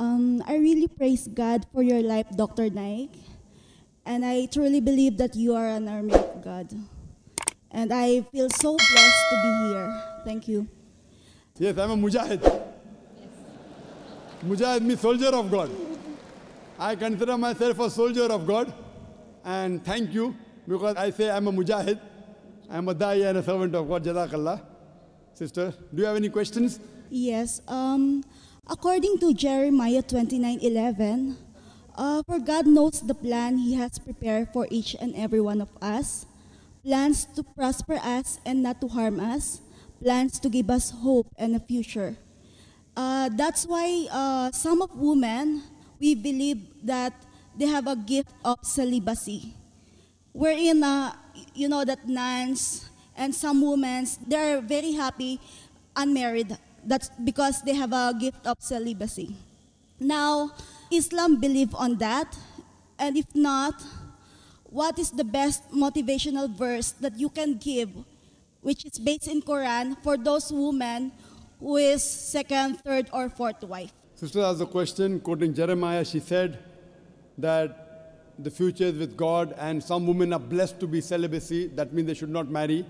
Um, I really praise God for your life, Dr. Naik. And I truly believe that you are an army of God. And I feel so blessed to be here. Thank you. Yes, I'm a Mujahid. Mujahid means soldier of God. I consider myself a soldier of God. And thank you because I say I'm a Mujahid. I'm a Da'i and a servant of God. Jazakallah. Sister, do you have any questions? Yes. Um, According to Jeremiah 29:11, uh, for God knows the plan he has prepared for each and every one of us, plans to prosper us and not to harm us, plans to give us hope and a future. Uh, that's why uh, some of women, we believe that they have a gift of celibacy, wherein, uh, you know, that nuns and some women, they're very happy unmarried that's because they have a gift of celibacy. Now, Islam believe on that, and if not, what is the best motivational verse that you can give, which is based in Quran for those women who is second, third, or fourth wife? Sister asked a question, quoting Jeremiah, she said that the future is with God, and some women are blessed to be celibacy. That means they should not marry.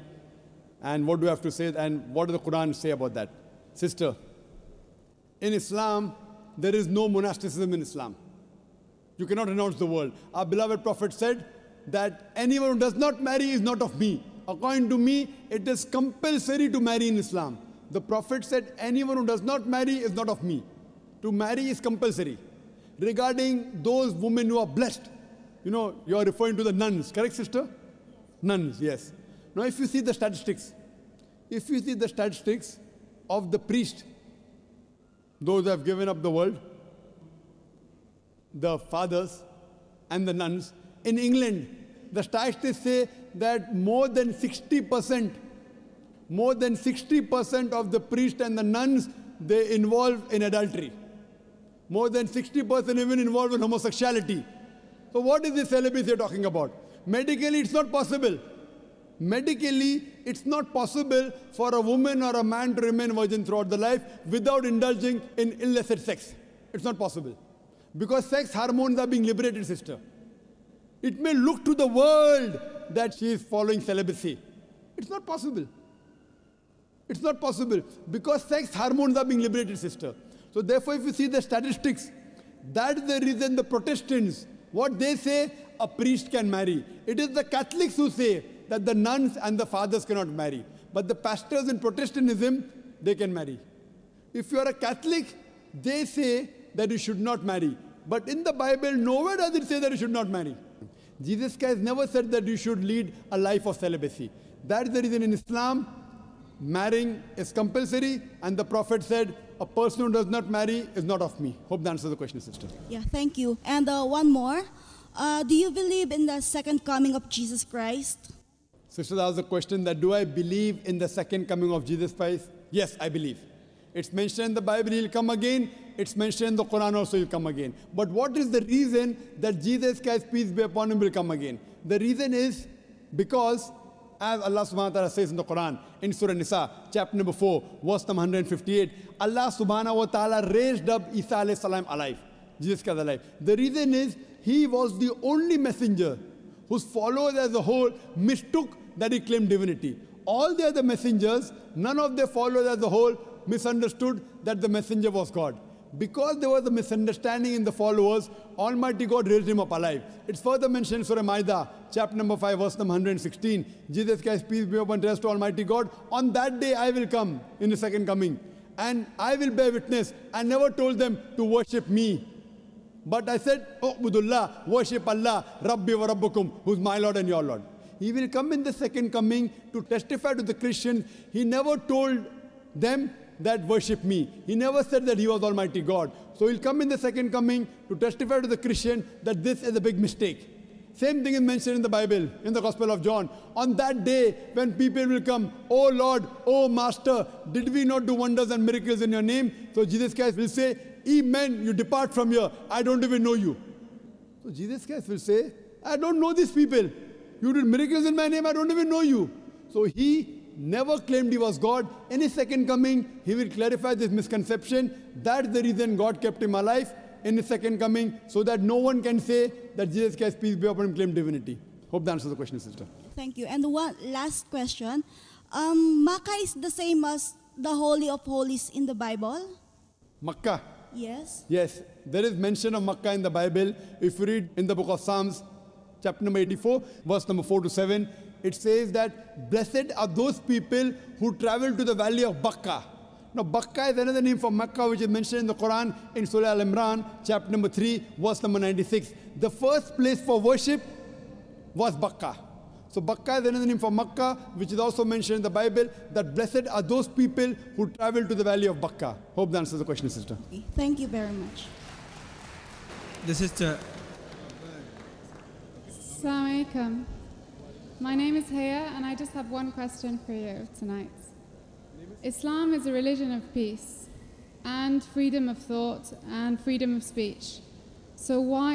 And what do you have to say? And what does the Quran say about that? Sister, in Islam, there is no monasticism in Islam. You cannot renounce the world. Our beloved Prophet said that anyone who does not marry is not of me. According to me, it is compulsory to marry in Islam. The Prophet said, anyone who does not marry is not of me. To marry is compulsory. Regarding those women who are blessed, you know, you are referring to the nuns, correct, sister? Nuns, yes. Now, if you see the statistics, if you see the statistics, of the priest, those who have given up the world, the fathers and the nuns. In England, the statistics say that more than 60%, more than 60% of the priests and the nuns, they involved in adultery. More than 60% even involved in homosexuality. So what is this celibacy you're talking about? Medically, it's not possible medically it's not possible for a woman or a man to remain virgin throughout the life without indulging in illicit sex it's not possible because sex hormones are being liberated sister it may look to the world that she is following celibacy it's not possible it's not possible because sex hormones are being liberated sister so therefore if you see the statistics that's the reason the protestants what they say a priest can marry it is the catholics who say that the nuns and the fathers cannot marry. But the pastors in Protestantism, they can marry. If you are a Catholic, they say that you should not marry. But in the Bible, nowhere does it say that you should not marry. Jesus Christ never said that you should lead a life of celibacy. That is the reason in Islam, marrying is compulsory, and the Prophet said, a person who does not marry is not of me. Hope that answers the question, sister. Yeah, thank you. And uh, one more. Uh, do you believe in the second coming of Jesus Christ? Sister, that was a question that do I believe in the second coming of Jesus Christ? Yes, I believe. It's mentioned in the Bible, he'll come again. It's mentioned in the Quran also, he'll come again. But what is the reason that Jesus Christ, peace be upon him, will come again? The reason is because, as Allah subhanahu wa ta'ala says in the Quran, in Surah Nisa, chapter number 4, verse number 158, Allah subhanahu wa ta'ala raised up Isa alayhi salam alive, Jesus Christ alive. The reason is he was the only messenger whose followers as a whole mistook that he claimed divinity. All the other messengers, none of their followers as a whole misunderstood that the messenger was God. Because there was a misunderstanding in the followers, Almighty God raised him up alive. It's further mentioned in Surah Maida, chapter number 5, verse number 116. Jesus Christ, peace be upon us to Almighty God. On that day I will come in the second coming, and I will bear witness. I never told them to worship me, but I said, Oh, Ubudullah, worship Allah, Rabbi wa Rabbukum, who's my Lord and your Lord. He will come in the second coming to testify to the Christians. He never told them that worship me. He never said that he was Almighty God. So he'll come in the second coming to testify to the Christian that this is a big mistake. Same thing is mentioned in the Bible, in the Gospel of John. On that day, when people will come, Oh Lord, Oh Master, did we not do wonders and miracles in your name? So Jesus Christ will say, Amen, you depart from here. I don't even know you. So Jesus Christ will say, I don't know these people. You did miracles in my name, I don't even know you. So he never claimed he was God. In his second coming, he will clarify this misconception. That's the reason God kept him alive in his second coming so that no one can say that Jesus Christ, peace be upon him, claimed divinity. Hope that answers the question, sister. Thank you. And one last question. Um, Makkah is the same as the Holy of Holies in the Bible? Makkah? Yes. Yes. There is mention of Makkah in the Bible. If you read in the book of Psalms, chapter number 84, verse number 4 to 7, it says that blessed are those people who travel to the valley of Makkah. Now, Bakka is another name for Mecca, which is mentioned in the Quran in Surah Al Imran, chapter number 3, verse number 96. The first place for worship was Bakka. So, Bakka is another name for Mecca, which is also mentioned in the Bible that blessed are those people who travel to the valley of Bakka. Hope that answers the question, sister. Thank you very much. The sister. Assalamu alaikum. My name is Haya, and I just have one question for you tonight. Islam is a religion of peace and freedom of thought and freedom of speech. So why